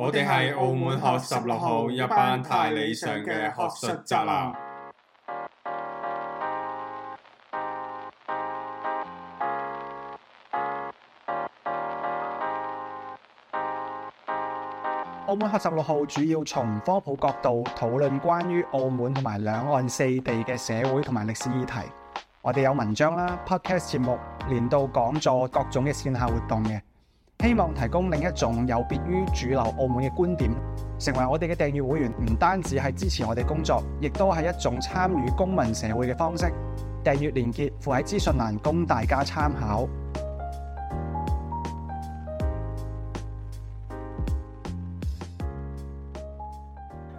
我哋係澳門學十六號，一班太理想嘅學術宅男。澳門學十六號主要從科普角度討論關於澳門同埋兩岸四地嘅社會同埋歷史議題。我哋有文章啦、podcast 節目、年度講座、各種嘅綫下活動嘅。希望提供另一種有別於主流澳門嘅觀點，成為我哋嘅訂閱會員，唔單止係支持我哋工作，亦都係一種參與公民社會嘅方式。訂閱連結附喺資訊欄，供大家參考。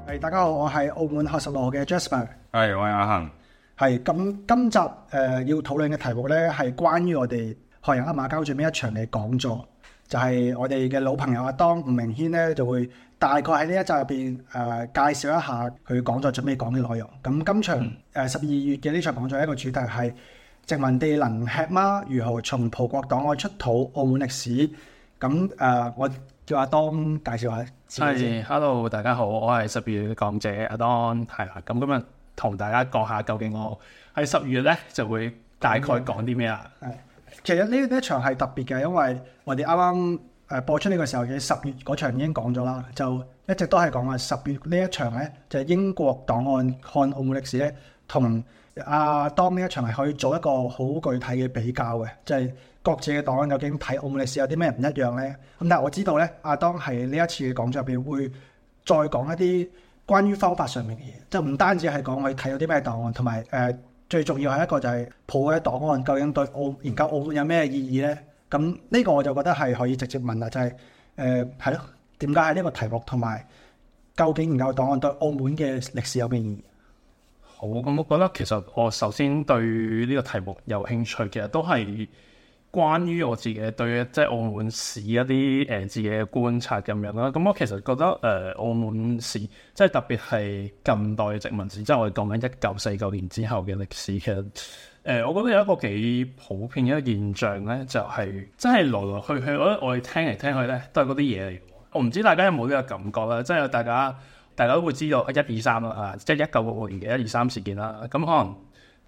Hey, 大家好，我係澳門學16號嘅 Jasper，我係阿恒，今集、呃、要討論嘅題目呢，係關於我哋學人噏馬交最尾一場嘅講座。就係我哋嘅老朋友阿當吳明軒咧，就會大概喺呢一集入邊誒介紹一下佢講座準備講嘅內容。咁今場誒十二月嘅呢場講座，一個主題係殖民地能吃嗎？如何從葡國檔案出土澳門歷史？咁誒、呃，我叫阿當介紹下。係，hello 大家好，我係十二月嘅講者阿當，係啦。咁今日同大家講下究竟我喺十二月咧就會大概講啲咩啊？係。其實呢一場係特別嘅，因為我哋啱啱誒播出呢個時候嘅十月嗰場已經講咗啦，就一直都係講話十月呢一場咧，就是、英國檔案看澳門歷史咧，同阿當呢一場係可以做一個好具體嘅比較嘅，就係、是、各自嘅檔案究竟睇澳門歷史有啲咩唔一樣咧。咁、嗯、但係我知道咧，阿當係呢一次嘅講座入面會再講一啲關於方法上面嘅嘢，就唔單止係講去睇有啲咩檔案，同埋誒。呃最重要係一個就係葡嘅檔案究竟對澳研究澳門有咩意義咧？咁呢個我就覺得係可以直接問啦，就係誒係咯，點解呢個題目同埋究竟研究檔案對澳門嘅歷史有咩意義？好，咁我覺得其實我首先對呢個題目有興趣，其實都係。關於我自己對即係、就是、澳門史一啲誒、呃、自己嘅觀察咁樣啦，咁、嗯、我其實覺得誒、呃、澳門史即係特別係近代殖民史，即係我哋講緊一九四九年之後嘅歷史。其實誒，我覺得有一個幾普遍嘅一個現象咧，就係、是、真係來來去去，我我哋聽嚟聽去咧，都係嗰啲嘢嚟。我唔知大家有冇呢個感覺啦，即係大家大家都會知道一二三啦啊，即係一九六年嘅一二三事件啦，咁、嗯、可能。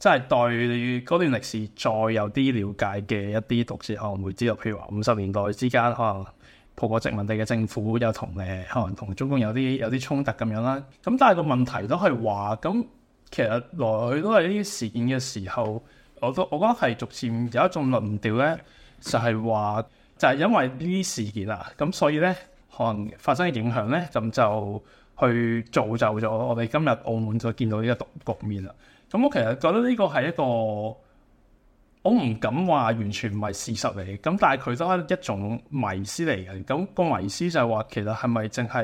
即係對段歷史再有啲了解嘅一啲讀者，可能會知道，譬如話五十年代之間，可能葡國殖民地嘅政府又同誒可能同中共有啲有啲衝突咁樣啦。咁但係個問題都係話，咁其實來來去都係呢啲事件嘅時候，我都我覺得係逐漸有一種論調咧，就係話就係因為呢啲事件啊，咁所以咧可能發生嘅影響咧，咁就去造就咗我哋今日澳門所見到呢個局局面啦。咁我其實覺得呢個係一個，我唔敢話完全唔係事實嚟，咁但係佢都係一種迷思嚟嘅。咁個迷思就係話其實係咪淨係誒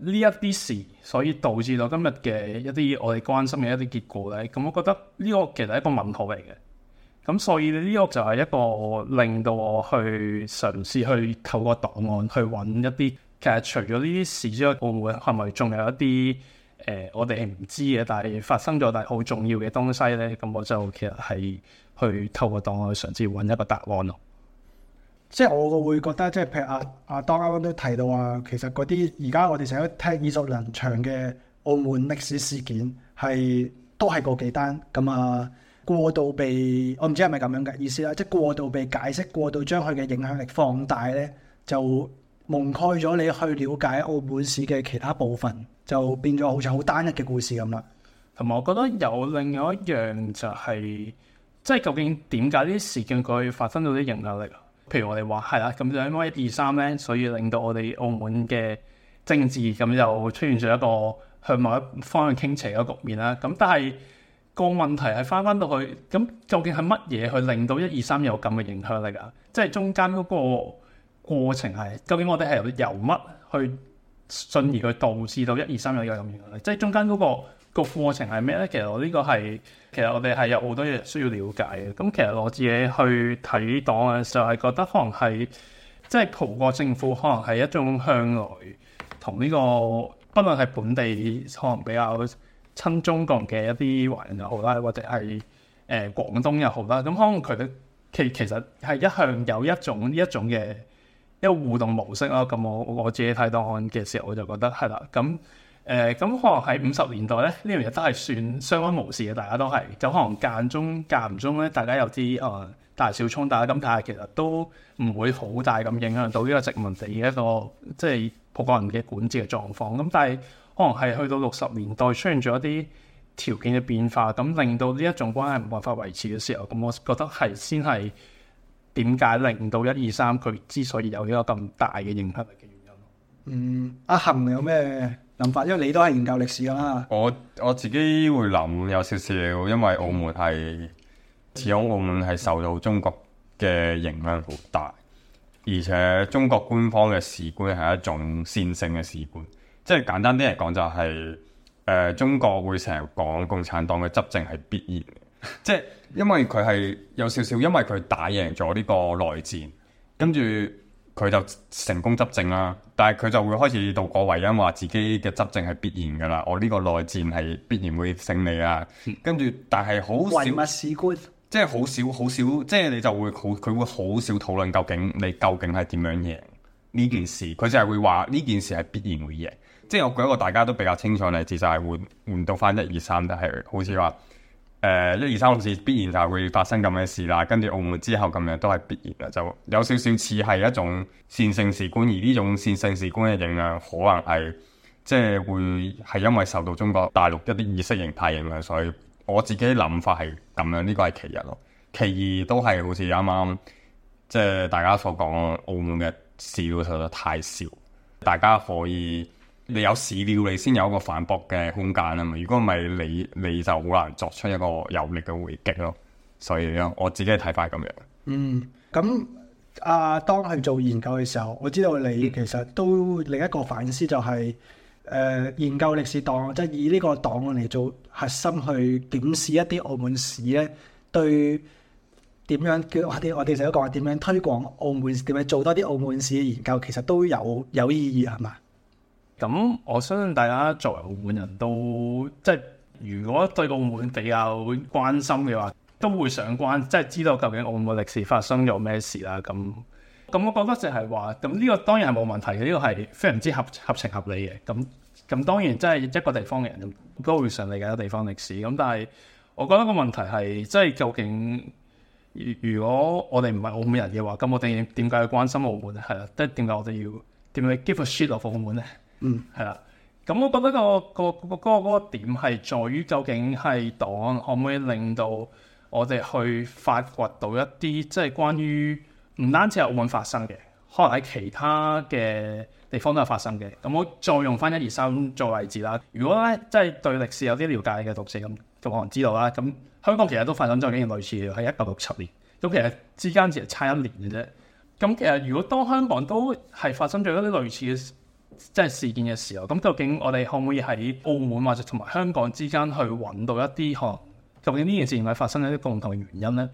呢一啲事，所以導致到今日嘅一啲我哋關心嘅一啲結果咧？咁我覺得呢個其實係一個問號嚟嘅。咁所以呢個就係一個令到我去嘗試去透過檔案，去揾一啲其實除咗呢啲事之外，會唔會係咪仲有一啲？誒、呃，我哋係唔知嘅，但係發生咗但係好重要嘅東西咧，咁我就其實係去透過檔案去嘗試揾一個答案咯。即係我會覺得，即係譬如阿阿 Don 啱啱都提到啊，其實嗰啲而家我哋成日聽耳熟能詳嘅澳門歷史事件，係都係個幾單咁啊過度被我唔知係咪咁樣嘅意思啦，即係過度被解釋，過度將佢嘅影響力放大咧就。蒙蓋咗你去了解澳門史嘅其他部分，就變咗好似好單一嘅故事咁啦。同埋我覺得有另外一樣就係，即係究竟點解啲事件佢發生到啲影響力？譬如我哋話係啦，咁就因為一二三咧，所以令到我哋澳門嘅政治咁就出現咗一個向某一方向傾斜嘅局面啦。咁但係個問題係翻翻到去，咁究竟係乜嘢去令到一二三有咁嘅影響力啊？即係中間嗰個。過程係究竟我哋係由乜去進而去導致到一二三有有咁樣嘅？即係中間嗰個個過程係咩咧？其實我呢個係其實我哋係有好多嘢需要了解嘅。咁其實我自己去睇檔嘅時候係覺得可能係即係葡國政府可能係一種向來同呢個不論係本地可能比較親中國嘅一啲華人又好啦，或者係誒廣東又好啦。咁可能佢哋其其實係一向有一種呢一種嘅。一個互動模式咯，咁我我自己睇檔案嘅時候，我就覺得係啦。咁誒咁可能喺五十年代咧，呢樣嘢都係算相安無事嘅，大家都係就可能間中間唔中咧，大家有啲誒、呃、大小衝突咁，但係其實都唔會好大咁影響到呢個殖民地嘅一個即係、就是、葡國人嘅管治嘅狀況。咁但係可能係去到六十年代出現咗一啲條件嘅變化，咁令到呢一種關係唔辦法維持嘅時候，咁我覺得係先係。點解令到一二三佢之所以有呢個咁大嘅影響嘅原因？嗯，阿、啊、恆有咩諗法？因為你都係研究歷史㗎啦。我我自己會諗有少少，因為澳門係始終澳門係受到中國嘅影響好大，而且中國官方嘅史觀係一種線性嘅史觀，即係簡單啲嚟講就係、是、誒、呃、中國會成日講共產黨嘅執政係必然。即係因為佢係有少少，因為佢打贏咗呢個內戰，跟住佢就成功執政啦。但係佢就會開始倒果為因，話自己嘅執政係必然噶啦。我、哦、呢、這個內戰係必然會勝利啊。跟住，但係好少 即係好少好少，即係你就會好，佢會好少討論究竟你究竟係點樣贏呢件事。佢、嗯、就係會話呢件事係必然會贏。即係我舉一個大家都比較清楚例子，就係換換到返一二三，就係好似話。誒、呃，一二三事必然就會發生咁嘅事啦。跟住澳門之後咁樣都係必然嘅，就有少少似係一種線性史觀，而呢種線性史觀嘅影響，可能係即係會係因為受到中國大陸一啲意識形態影響，所以我自己諗法係咁樣。呢、這個係其一咯，其二都係好似啱啱即係大家所講，澳門嘅事實在太少，大家可以。你有史料，你先有個反駁嘅空間啊嘛。如果唔係，你你就好難作出一個有力嘅回擊咯。所以咧，我自己嘅睇法係咁樣。嗯，咁阿、啊、當去做研究嘅時候，我知道你其實都另一個反思就係、是，誒、呃、研究歷史檔案，即、就、係、是、以呢個檔案嚟做核心去檢視一啲澳門史咧，對點樣，叫我哋我哋成日講話點樣推廣澳門，點樣做多啲澳門史嘅研究，其實都有有意義啊嘛。咁我相信大家作為澳門人都即係，如果對澳門比較關心嘅話，都會想關即係知道究竟澳門歷史發生咗咩事啦。咁咁，我覺得就係話，咁呢個當然係冇問題嘅，呢個係非常之合合情合理嘅。咁咁，當然即係一個地方嘅人都會想理解一個地方歷史。咁但係，我覺得個問題係即係究竟，如果我哋唔係澳門人嘅話，咁我哋點解要關心澳門咧？係啦，即係點解我哋要點解 give a shit of 澳門咧？嗯，係啦，咁我覺得、嗰個、嗰個個嗰個嗰個點係在於究竟係檔案可唔可以令到我哋去發掘到一啲即係關於唔單止係澳門發生嘅，可能喺其他嘅地方都有發生嘅。咁我再用返一二三做例子啦。如果咧即係對歷史有啲了解嘅讀者咁，可能知道啦。咁香港其實都發生咗一件類似嘅，喺一九六七年。咁其實之間只係差一年嘅啫。咁其實如果當香港都係發生咗一啲類似嘅。即係事件嘅時候，咁究竟我哋可唔可以喺澳門或者同埋香港之間去揾到一啲可能？究竟呢件事係發生一啲共同嘅原因呢？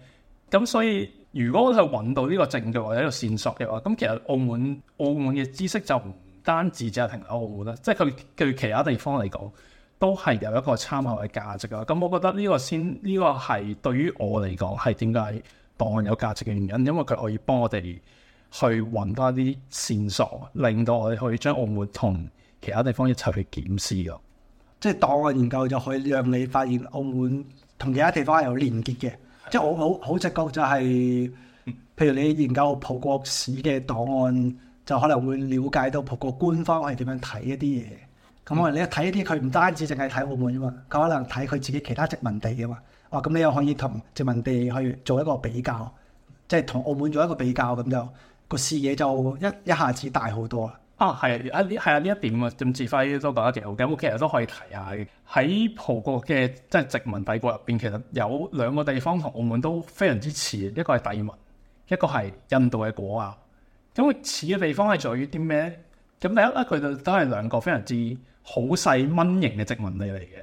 咁所以如果我哋揾到呢個證據或者一個線索嘅話，咁其實澳門澳門嘅知識就唔單止只係停留喺澳門啦，即係佢對其他地方嚟講都係有一個參考嘅價值啊。咁我覺得呢個先呢個係對於我嚟講係點解檔案有價值嘅原因，因為佢可以幫我哋。去揾多啲線索，令到我哋可以將澳門同其他地方一齊去檢視㗎。即係檔案研究就可以讓你發現澳門同其他地方係有連結嘅。的即係我好好直覺就係、是，譬如你研究葡國史嘅檔案，嗯、就可能會了解到葡國官方係點樣睇一啲嘢。咁我哋你睇一啲，佢唔、嗯、單止淨係睇澳門啊嘛，佢可能睇佢自己其他殖民地啊嘛。哇、哦！咁你又可以同殖民地去做一個比較，即係同澳門做一個比較咁就。個視野就一一下子大好多啦！啊，係啊，係啊，呢一點啊，鄧智輝都講得幾好嘅。我其實都可以提下嘅。喺葡國嘅即係殖民帝國入邊，其實有兩個地方同澳門都非常之似，一個係帝汶，一個係印度嘅果亞。咁似嘅地方係在於啲咩咧？咁、嗯、第一咧，佢哋都係兩個非常之好細蚊型嘅殖民地嚟嘅，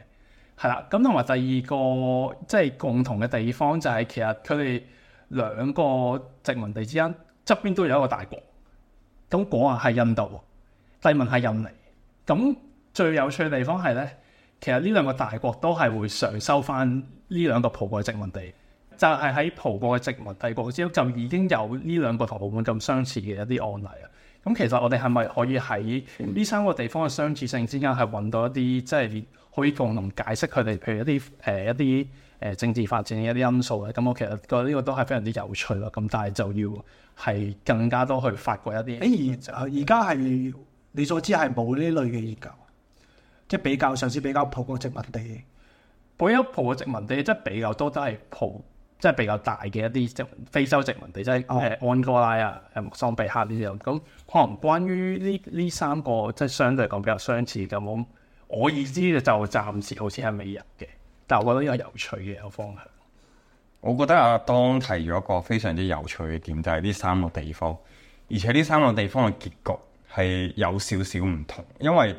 係、嗯、啦。咁同埋第二個即係、就是、共同嘅地方就係、是、其實佢哋兩個殖民地之間。側邊都有一個大國，果亞係印度，帝汶係印尼。咁最有趣嘅地方係咧，其實呢兩個大國都係會常收翻呢兩個葡國嘅殖民地，就係喺葡國嘅殖民帝國之中，就已經有呢兩個同澳門咁相似嘅一啲案例啊。咁其實我哋係咪可以喺呢三個地方嘅相似性之間，係揾到一啲即係可以共同解釋佢哋，譬如一啲誒、呃、一啲誒政治發展嘅一啲因素咧？咁我其實覺得呢個都係非常之有趣咯。咁但係就要。係更加多去發掘一啲，誒而而家係你所知係冇呢類嘅研究，即係比較上次比較葡國殖民地，葡萄牙葡嘅殖民地即係比較多都係葡，即係比較大嘅一啲即非洲殖民地，即係安哥拉、哦、啊、莫桑比克呢啲咁。可能關於呢呢三個即係相對嚟講比較相似咁，我我意思就暫時好似係未入嘅，但係我覺得有有趣嘅有方向。我覺得阿 Don 提咗一個非常之有趣嘅點，就係、是、呢三個地方，而且呢三個地方嘅結局係有少少唔同。因為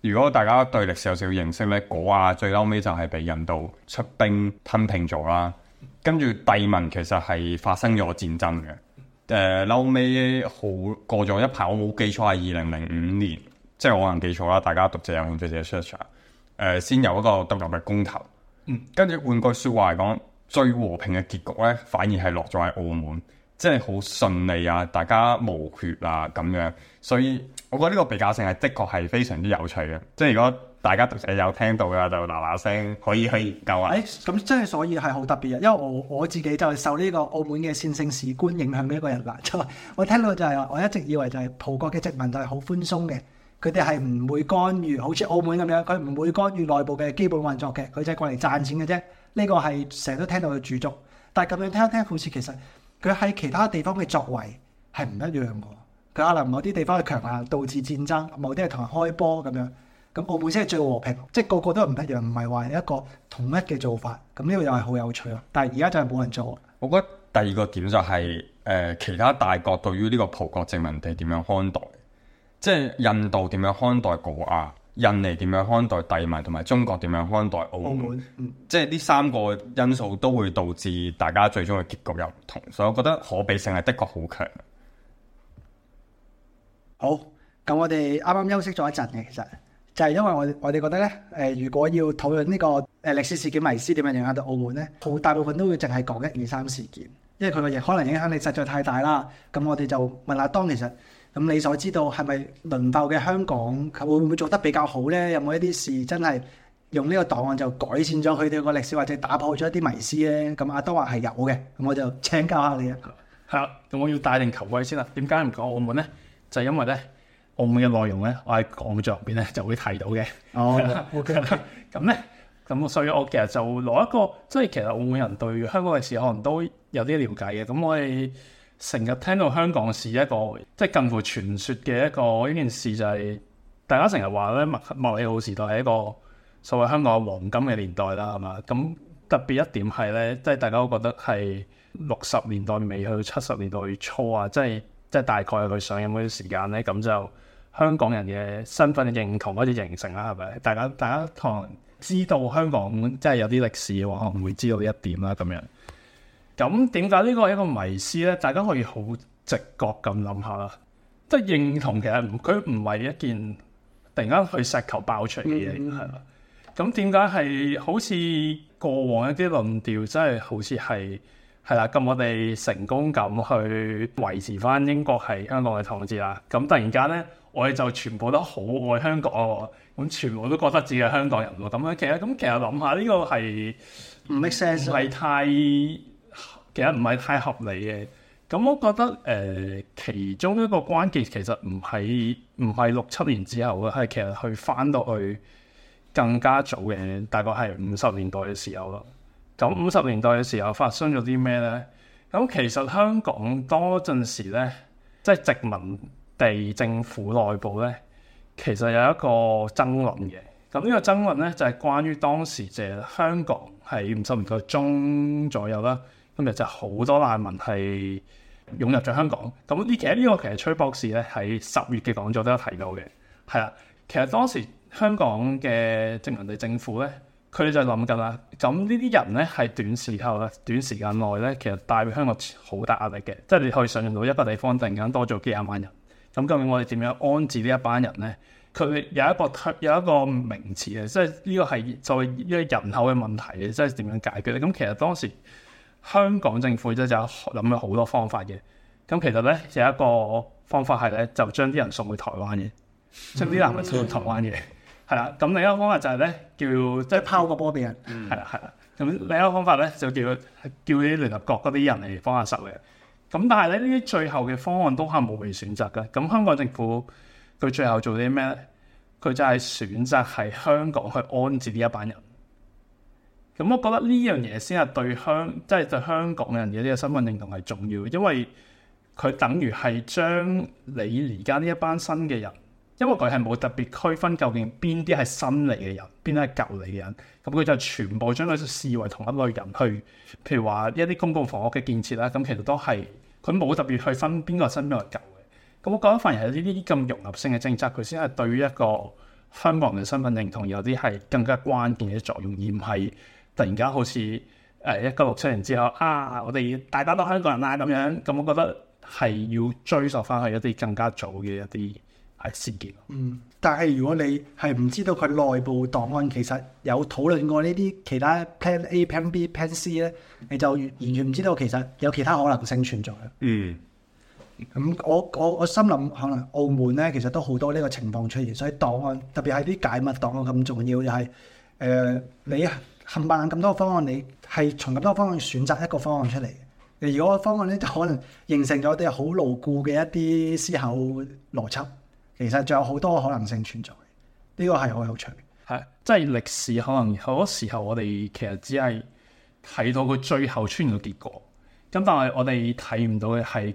如果大家對歷史有少少認識咧，果、那、啊、個、最嬲尾就係被印度出兵吞併咗啦。跟住帝汶其實係發生咗戰爭嘅。誒嬲尾好過咗一排，我冇記錯係二零零五年，即係我可能記錯啦。大家對者有興趣者 search 下先有一個獨立嘅公投。跟住換句説話嚟講。最和平嘅結局咧，反而係落咗喺澳門，即係好順利啊，大家無血啊咁樣。所以我覺得呢個比較性係的確係非常之有趣嘅。即係如果大家有聽到嘅，就嗱嗱聲可以去研究。誒，咁即係所以係好特別嘅，因為我我自己就係受呢個澳門嘅線性史觀影響嘅一個人啦。就，我聽到就係、話，我一直以為就係葡國嘅殖民就係好寬鬆嘅，佢哋係唔會干預，好似澳門咁樣，佢唔會干預內部嘅基本運作嘅，佢就係過嚟賺錢嘅啫。呢個係成日都聽到佢主張，但係咁樣聽一聽，好似其實佢喺其他地方嘅作為係唔一樣嘅。佢阿林某啲地方係強硬，導致戰爭；某啲係同人開波咁樣。咁澳門先係最和平，即係個個都唔一樣，唔係話一個統一嘅做法。咁呢個又係好有趣咯。但係而家就係冇人做。我覺得第二個點就係、是、誒、呃、其他大國對於呢個葡國殖民地點樣看待，即係印度點樣看待果亞。印尼點樣看待帝汶同埋中國點樣看待澳門？澳門嗯、即係呢三個因素都會導致大家最終嘅結局又唔同，所以我覺得可比性係的確好強。好，咁我哋啱啱休息咗一陣嘅，其實就係因為我我哋覺得咧，誒、呃、如果要討論呢個誒歷史事件迷思點樣影響到澳門咧，好大部分都會淨係講一二三事件，因為佢嘅影可能影響力實在太大啦。咁我哋就問阿當其實。咁你所知道係咪倫後嘅香港會唔會做得比較好咧？有冇一啲事真係用呢個檔案就改善咗佢哋個歷史，或者打破咗一啲迷思咧？咁阿 Don 話係有嘅，咁我就請教下你啊。係啊，咁我要帶定球位先啦。點解唔講澳門咧？就係因為咧，澳門嘅內容咧，我喺講座入邊咧就會提到嘅。哦咁咧，咁 okay. 所以我其實就攞一個，即係其實澳門人對香港嘅事可能都有啲了解嘅。咁我哋。成日聽到香港是一個即係近乎傳説，嘅一個呢件事就係、是，大家成日話咧麥麥理浩時代係一個所謂香港嘅黃金嘅年代啦，係嘛？咁特別一點係咧，即係大家都覺得係六十年代尾去到七十年代初啊，即係即係大概佢上任嗰啲時間咧，咁就香港人嘅身份認同開始形成啦，係咪？大家大家同可能知道香港即係有啲歷史嘅話，可能會知道呢一點啦，咁樣。咁點解呢個係一個迷思咧？大家可以好直覺咁諗下啦，即係認同其實佢唔係一件突然間去石頭爆出嚟嘅嘢，係啦、嗯嗯。咁點解係好似過往一啲論調真，真係好似係係啦。咁我哋成功咁去維持翻英國係香港嘅統治啦。咁突然間咧，我哋就全部都好愛香港喎，咁全部都覺得自己係香港人喎。咁樣其實咁，其實諗下呢個係唔 make sense，唔係太。其實唔係太合理嘅，咁我覺得誒、呃，其中一個關鍵其實唔係唔係六七年之後啊，係其實去返到去更加早嘅，大概係五十年代嘅時候咯。咁五十年代嘅時候發生咗啲咩咧？咁其實香港多陣時咧，即係殖民地政府內部咧，其實有一個爭論嘅。咁呢個爭論咧就係、是、關於當時就香港係五十年代中左右啦。今日就好多難民係湧入咗香港，咁呢？其實呢個其實崔博士咧喺十月嘅講座都有提到嘅，係啦。其實當時香港嘅殖民地政府咧，佢哋就諗緊啦。咁呢啲人咧係短時候咧、短時間內咧，其實帶俾香港好大壓力嘅，即係你可以想象到一個地方突然間多咗幾廿萬人。咁究竟我哋點樣安置呢一班人咧？佢有一個有一個名詞嘅，即係呢個係作為人口嘅問題，即係點樣解決咧？咁其實當時。香港政府咧就諗咗好多方法嘅，咁其實咧有一個方法係咧就將啲人送去台灣嘅，將啲男人送去台灣嘅，係啦。 咁另一個方法就係咧叫即係拋個波俾人，係啦係啦。咁 另一個方法咧就叫叫啲聯合國嗰啲人嚟幫下手嘅。咁但係咧呢啲最後嘅方案都係無被選擇嘅。咁香港政府佢最後做啲咩咧？佢就係選擇喺香港去安置呢一班人。咁、嗯、我覺得呢樣嘢先係對香，即係對香港人嘅呢個身份認同係重要，因為佢等於係將你而家呢一班新嘅人，因為佢係冇特別區分究竟邊啲係新嚟嘅人，邊啲係舊嚟嘅人，咁、嗯、佢就全部將佢視為同一類人去，譬如話一啲公共房屋嘅建設啦，咁、嗯、其實都係佢冇特別去分邊個係新，邊個係舊嘅。咁、嗯、我覺得反而係呢啲咁融合性嘅政策，佢先係對於一個香港人身份認同有啲係更加關鍵嘅作用，而唔係。突然間好似誒一九六七年之後啊，我哋大家都香港人啦、啊、咁樣，咁我覺得係要追溯翻去一啲更加早嘅一啲事件。嗯，但係如果你係唔知道佢內部檔案其實有討論過呢啲其他 plan A、plan B、plan C 咧，你就完全唔知道其實有其他可能性存在。嗯，咁、嗯、我我我心諗可能澳門咧其實都好多呢個情況出現，所以檔案特別係啲解密檔案咁重要，就係、是、誒、呃、你啊～冚唪唥咁多個方案，你係從咁多方案選擇一個方案出嚟。如果個方案咧，就可能形成咗啲好牢固嘅一啲思考邏輯。其實仲有好多可能性存在，呢個係好有趣。係，即係歷史可能好多時候，我哋其實只係睇到佢最後出現嘅結果。咁但係我哋睇唔到嘅係，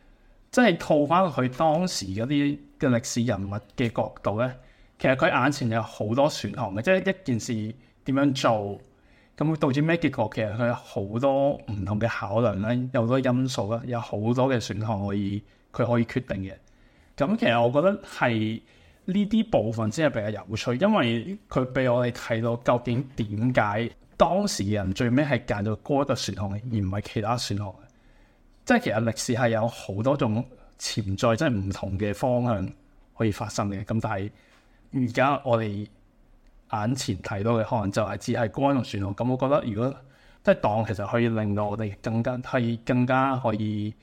即係套翻佢當時嗰啲嘅歷史人物嘅角度咧，其實佢眼前有好多選項嘅，即係一件事點樣做。咁會導致咩結果？其實佢好多唔同嘅考量咧，有好多因素啦，有好多嘅選項可以佢可以決定嘅。咁其實我覺得係呢啲部分先係比較有趣，因為佢俾我哋睇到究竟點解當時嘅人最尾係揀咗嗰個選項，而唔係其他選項。即係其實歷史係有好多種潛在真係唔同嘅方向可以發生嘅。咁但係而家我哋眼前睇到嘅可能就係只係光同船路，咁我覺得如果即係當其實可以令到我哋更加係更加可以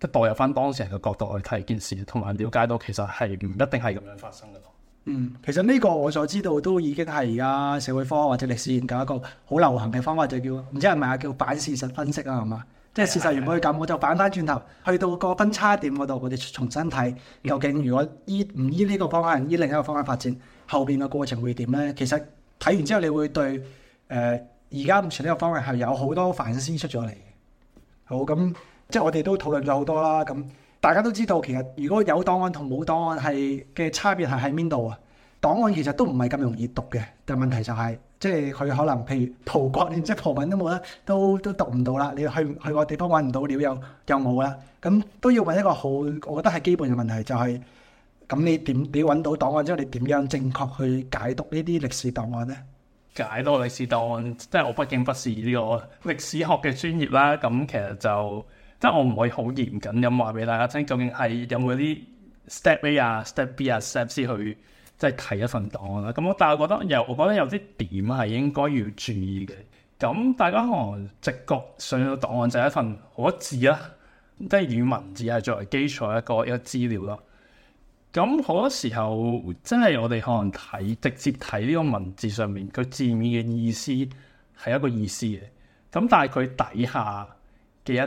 即代入翻當事人嘅角度去睇件事，同埋了解到其實係唔一定係咁樣發生嘅咯。嗯，其實呢個我所知道都已經係而家社會科學或者歷史研究一個好流行嘅方法，就叫唔知係咪啊，叫反事實分析啊，係嘛？的即係事實原本係咁，的我就反翻轉頭去到個分叉點嗰度，我哋重新睇究竟如果依唔依呢個方向，依另一個方向發展。後邊嘅過程會點咧？其實睇完之後，你會對誒而家目前呢個方位係有好多反思出咗嚟。好咁，即係我哋都討論咗好多啦。咁大家都知道，其實如果有檔案同冇檔案係嘅差別係喺邊度啊？檔案其實都唔係咁容易讀嘅，但係問題就係、是、即係佢可能譬如葡國連即係葡文都冇啦，都都讀唔到啦。你去去個地方揾唔到料又又冇啦。咁都要問一個好，我覺得係基本嘅問題就係、是。咁你點？你揾到檔案之後，你點樣正確去解讀歷呢啲歷史檔案咧？解讀歷史檔案，即係我畢竟不是呢個歷史學嘅專業啦。咁其實就即係我唔可以好嚴謹咁話俾大家聽，究竟係有冇啲 Step A 啊、Step B 啊、Step C 去即係睇一份檔案啦。咁我但係覺得有，我覺得有啲點係應該要注意嘅。咁大家可能直覺上，檔案就係一份一字、啊、文字啦、啊，即係以文字係作為基礎一個一個資料咯、啊。咁好多時候，真係我哋可能睇直接睇呢個文字上面佢字面嘅意思係一個意思嘅。咁但係佢底下嘅一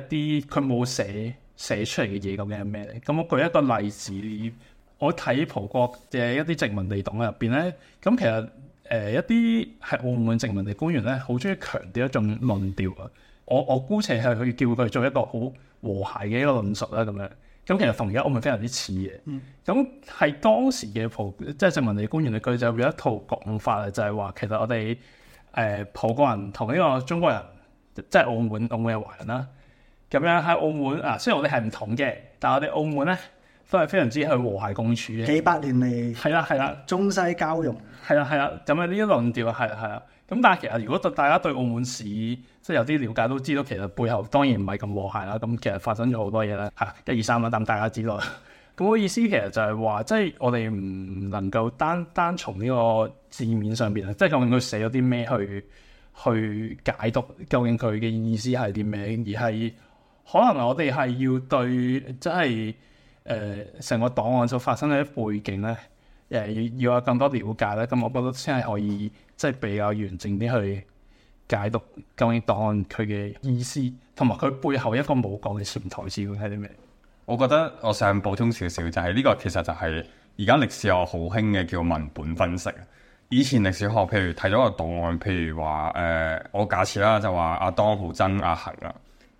啲佢冇寫寫出嚟嘅嘢，究竟係咩咧？咁我舉一個例子，我睇葡國嘅一啲殖民地檔入邊咧，咁其實誒、呃、一啲係澳門殖民地官員咧，好中意強調一種論調啊！我我姑且係去叫佢做一個好和諧嘅一個論述啦，咁樣。咁其實同而家澳門非常之似嘅。咁係、嗯、當時嘅葡，即係殖民地官員嘅佢就有一套講法啊，就係話其實我哋誒葡國人同，呢個中國人即係澳門澳門嘅華人啦。咁樣喺澳門啊，雖然我哋係唔同嘅，但係我哋澳門咧都係非常之去和諧共處嘅幾百年嚟。係啦係啦，中西交融。係啦係啦，咁呢個論調啊，係啊係啊。咁但係其實如果對大家對澳門史即係有啲了解都知道，其實背後當然唔係咁和諧啦。咁其實發生咗好多嘢咧，嚇一二三啦。咁大家知道。咁 我意思其實就係話，即係我哋唔能夠單單從呢個字面上邊啊，即係究竟佢寫咗啲咩去去解讀，究竟佢嘅意思係啲咩，而係可能我哋係要對即係誒成個檔案所發生嘅一啲背景咧，誒要，要有更多了解咧。咁我覺得先係可以。即係比較完整啲去解讀究竟檔案佢嘅意思，同埋佢背後一個冇講嘅潛台詞係啲咩？我覺得我想補充少少，就係呢個其實就係而家歷史學好興嘅叫文本分析。以前歷史學，譬如睇咗個檔案，譬如話誒、呃，我假設啦，就話阿 Don 好憎阿恆啊。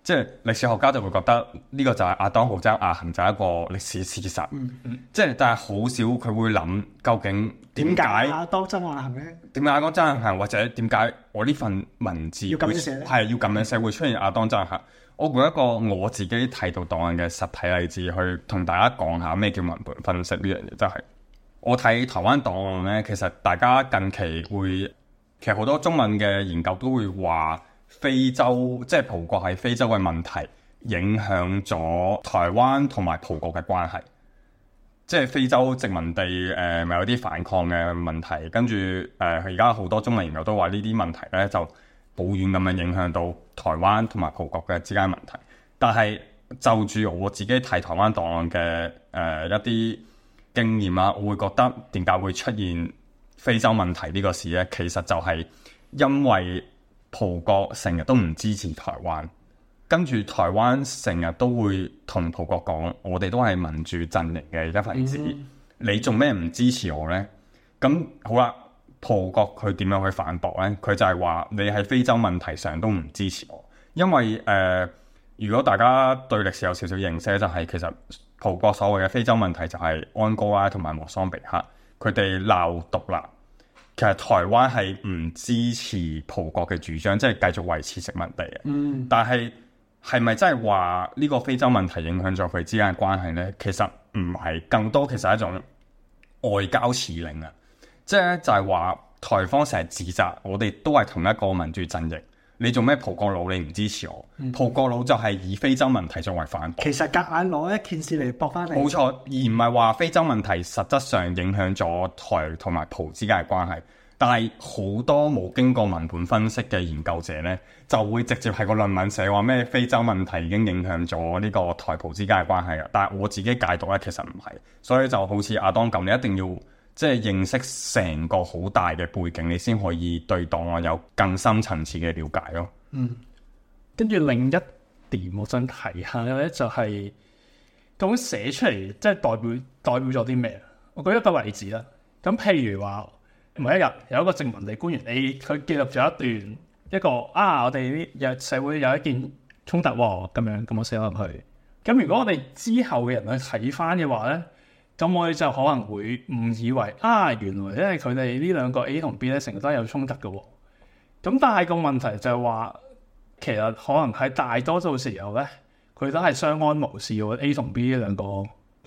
即係歷史學家就會覺得呢、這個就係阿 Don 好憎阿恆就係一個歷史事實。嗯嗯、即係但係好少佢會諗究竟點解阿 Don 憎阿恆咧？點解阿 Don 憎阿恆或者點解我呢份文字要咁寫，係要咁樣寫會出現阿 Don 憎阿恆？嗯、我舉一個我自己睇到檔案嘅實體例子去同大家講下咩叫文本分析呢樣嘢，就係我睇台灣檔案咧，其實大家近期會其實好多中文嘅研究都會話。非洲即係葡國係非洲嘅問題，影響咗台灣同埋葡國嘅關係。即係非洲殖民地，誒、呃、咪有啲反抗嘅問題，跟住誒而家好多中文研究都話呢啲問題咧，就遠遠咁樣影響到台灣同埋葡國嘅之間問題。但係就住我自己睇台灣檔案嘅誒、呃、一啲經驗啊，我會覺得點解會出現非洲問題呢個事咧？其實就係因為。葡國成日都唔支持台灣，跟住台灣成日都會同葡國講，我哋都係民主陣營嘅一份子，你做咩唔支持我呢？咁好啦，葡國佢點樣去反駁呢？佢就係話你喺非洲問題上都唔支持我，因為誒、呃，如果大家對歷史有少少認識，就係、是、其實葡國所謂嘅非洲問題就係安哥拉同埋莫桑比克，佢哋鬧獨立。其實台灣係唔支持葡國嘅主張，即係繼續維持殖民地啊。嗯，但係係咪真係話呢個非洲問題影響咗佢之間嘅關係咧？其實唔係，更多其實係一種外交辭令啊。即係咧，就係話台方成日指責，我哋都係同一個民主陣營。你做咩葡國佬？你唔支持我？嗯、葡國佬就係以非洲問題作為反駁。其實隔硬攞一件事嚟駁返你。冇錯，而唔係話非洲問題實質上影響咗台同埋葡之間嘅關係。但係好多冇經過文本分析嘅研究者呢，就會直接喺個論文寫話咩非洲問題已經影響咗呢個台葡之間嘅關係啦。但係我自己解讀咧，其實唔係。所以就好似阿當咁，你一定要。即係認識成個好大嘅背景，你先可以對檔案有更深層次嘅了解咯。嗯，跟住另一點，我想提下咧，就係究竟寫出嚟，即係代表代表咗啲咩？我舉一個例子啦。咁譬如話，每一日有一個殖民地官員，你佢記錄咗一段一個啊，我哋啲有社會有一件衝突喎，咁樣咁我寫落去。咁如果我哋之後嘅人去睇翻嘅話咧？咁我哋就可能會誤以為啊，原來因為佢哋呢兩個 A 同 B 咧成日都有衝突嘅喎、哦。咁但係個問題就係話，其實可能喺大多數時候咧，佢都係相安無事嘅、哦、A 同 B 呢兩個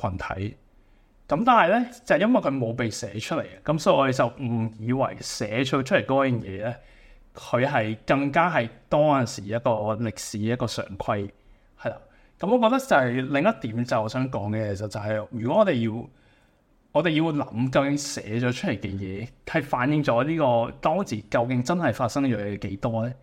羣體。咁但係咧，就係、因為佢冇被寫出嚟，咁所以我哋就誤以為寫出出嚟嗰樣嘢咧，佢係更加係當陣時一個歷史一個常規，係啦。咁、嗯、我覺得就係另一點就我想講嘅、就是，其實就係如果我哋要我哋要諗究竟寫咗出嚟嘅嘢係反映咗呢、這個當時究竟真係發生咗嘢幾多咧？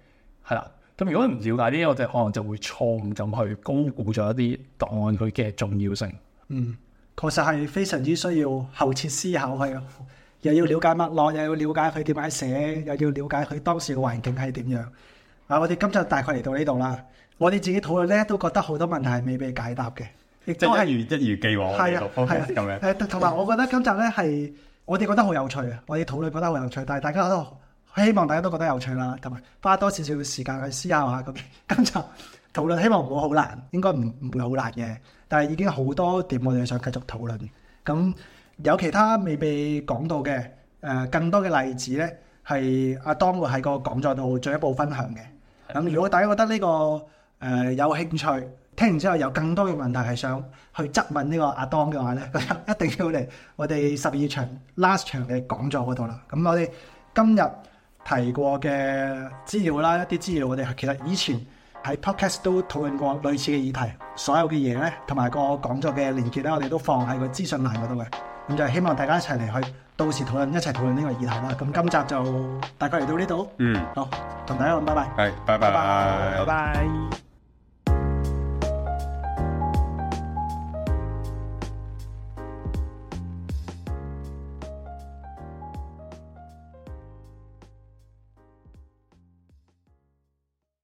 係啦，咁如果唔了解呢，我哋可能就會錯誤咁去高估咗一啲檔案佢嘅重要性。嗯，確實係非常之需要後設思考，係 又要了解脈絡，又要了解佢點解寫，又要了解佢當時嘅環境係點樣。嗱、啊，我哋今日大概嚟到呢度啦。我哋自己討論咧，都覺得好多問題係未被解答嘅，亦都即一如一如既往，係啊，係 Okay, 啊，咁樣。誒，同埋我覺得今集咧係我哋覺得好有趣啊！我哋討論覺得好有趣，但係大家都希望大家都覺得有趣啦，同埋花多少少時間去思考下嗰啲今集討論。希望唔會好難，應該唔唔會好難嘅。但係已經好多點我哋想繼續討論。咁有其他未被講到嘅誒、呃、更多嘅例子咧，係阿、啊、當會喺個講座度進一步分享嘅。咁如果大家覺得呢、這個，誒、呃、有興趣，聽完之後有更多嘅問題係想去質問呢個阿當嘅話呢，一定要嚟我哋十二場 last 場嘅講座嗰度啦。咁我哋今日提過嘅資料啦，一啲資料我哋其實以前喺 podcast 都討論過類似嘅議題，所有嘅嘢呢，同埋個講座嘅連結呢，我哋都放喺個資訊欄嗰度嘅。咁就希望大家一齊嚟去到時討論，一齊討論呢個議題啦。咁今集就大概嚟到呢度。嗯，好，同大家講，拜拜。係，拜拜，拜拜。